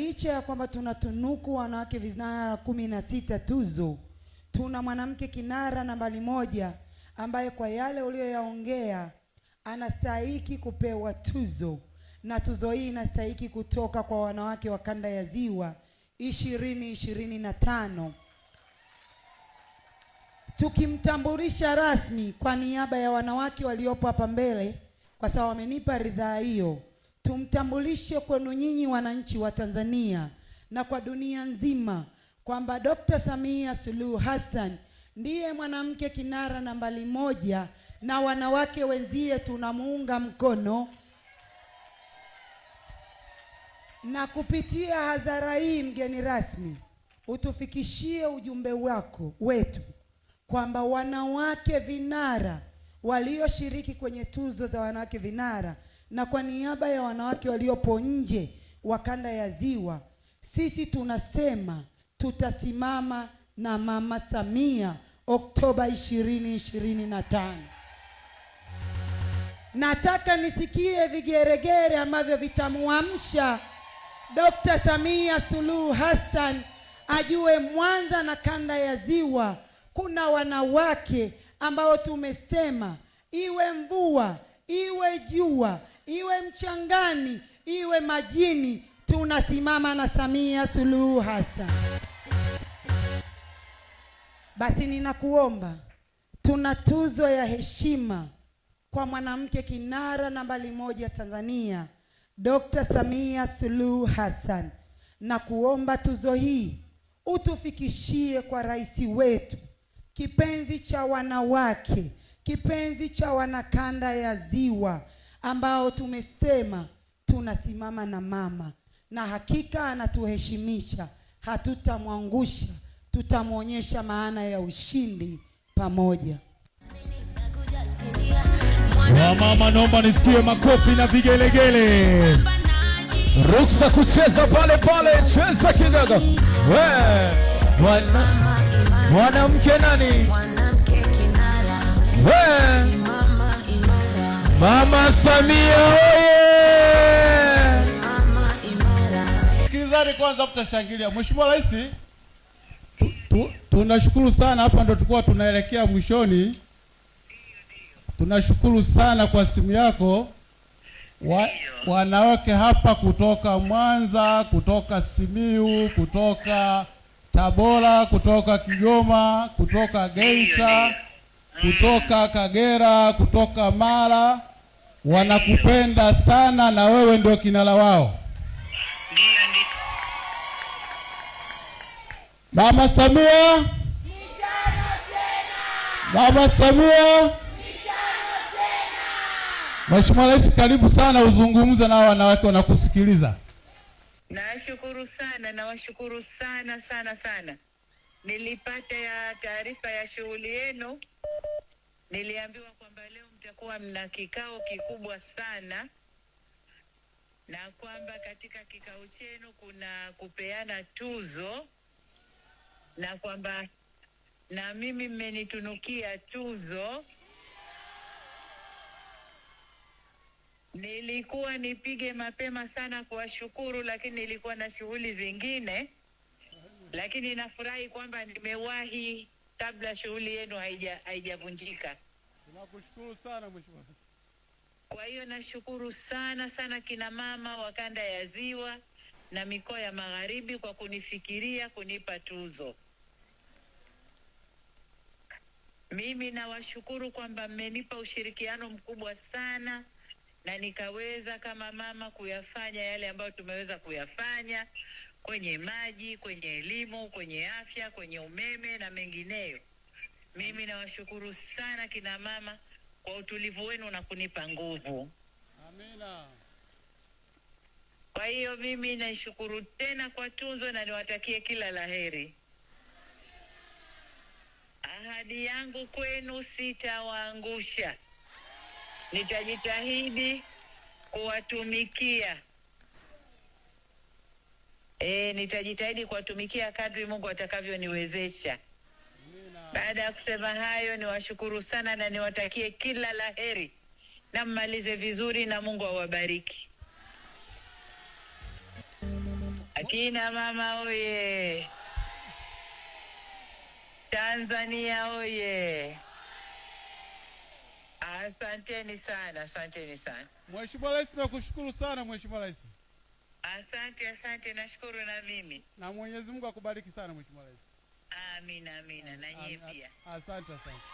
licha ya kwamba tunatunuku wanawake vinara kumi na sita tuzo, tuna mwanamke kinara nambari moja ambaye kwa yale uliyoyaongea anastahiki kupewa tuzo, na tuzo hii inastahiki kutoka kwa wanawake wa kanda ya Ziwa ishirini ishirini na tano tukimtambulisha rasmi kwa niaba ya wanawake waliopo hapa mbele, kwa sababu wamenipa ridhaa hiyo tumtambulishe kwenu nyinyi wananchi wa Tanzania na kwa dunia nzima kwamba Dr. Samia Suluhu Hassan ndiye mwanamke kinara nambari moja, na wanawake wenzie tunamuunga mkono, na kupitia hadhara hii, mgeni rasmi, utufikishie ujumbe wako wetu kwamba wanawake vinara walioshiriki kwenye tuzo za wanawake vinara na kwa niaba ya wanawake waliopo nje wa kanda ya Ziwa, sisi tunasema tutasimama na Mama Samia Oktoba 2025. Nataka nisikie vigeregere ambavyo vitamwamsha Dr. Samia Suluhu Hassan ajue Mwanza na kanda ya Ziwa kuna wanawake ambao tumesema iwe mvua iwe jua iwe mchangani, iwe majini, tunasimama na Samia Suluhu hasa Basi ninakuomba, tuna tuzo ya heshima kwa mwanamke kinara nambali moja Tanzania, Dr. Samia Suluhu Hassan, na kuomba tuzo hii utufikishie kwa rais wetu kipenzi cha wanawake, kipenzi cha wanakanda ya Ziwa ambao tumesema tunasimama na mama, na hakika anatuheshimisha, hatutamwangusha, tutamwonyesha maana ya ushindi pamoja. Wamama, naomba nisikie makofi na vigelegele. Ruksa kucheza pale pale, cheza kidogo. Mwanamke nani? Mama Samia oye! Sikilizani kwanza, tutashangilia. Mheshimiwa Rais, tunashukuru sana. Hapa ndo tulikuwa tunaelekea mwishoni. Tunashukuru sana kwa simu yako wa, wanawake hapa kutoka Mwanza, kutoka Simiu, kutoka Tabora, kutoka Kigoma, kutoka Geita kutoka Kagera, kutoka Mara, wanakupenda sana na wewe ndio kinara wao. Mama Samia, Mama Samia, Mheshimiwa Rais, karibu sana uzungumze na wanawake wanakusikiliza. Nawashukuru sana, nawashukuru sana sana sana. Nilipata ya taarifa ya shughuli yenu Niliambiwa kwamba leo mtakuwa mna kikao kikubwa sana na kwamba katika kikao chenu kuna kupeana tuzo na kwamba na mimi mmenitunukia tuzo. Nilikuwa nipige mapema sana kuwashukuru, lakini nilikuwa na shughuli zingine, lakini nafurahi kwamba nimewahi kabla shughuli yenu haijavunjika. Tunakushukuru sana mheshimiwa. Kwa hiyo nashukuru sana sana kina mama wa kanda ya Ziwa na mikoa ya Magharibi kwa kunifikiria kunipa tuzo. Mimi nawashukuru kwamba mmenipa ushirikiano mkubwa sana na nikaweza kama mama kuyafanya yale ambayo tumeweza kuyafanya kwenye maji, kwenye elimu, kwenye afya, kwenye umeme na mengineyo. Mimi nawashukuru sana kina mama kwa utulivu wenu na kunipa nguvu. Amina. Kwa hiyo mimi naishukuru tena kwa tunzo na niwatakie kila laheri. Ahadi yangu kwenu sitawaangusha, nitajitahidi kuwatumikia E, nitajitahidi kuwatumikia kadri Mungu atakavyoniwezesha. Baada ya kusema hayo, niwashukuru sana na niwatakie kila laheri na mmalize vizuri na Mungu awabariki. Akina mama oye! Tanzania oye! Asanteni sana, asanteni sana. Mheshimiwa Rais, nakushukuru sana Mheshimiwa Rais. Asante, asante, nashukuru na mimi. Na Mwenyezi Mungu akubariki sana mheshimiwa rais. Amina, amina, na yeye pia. Asante, asante.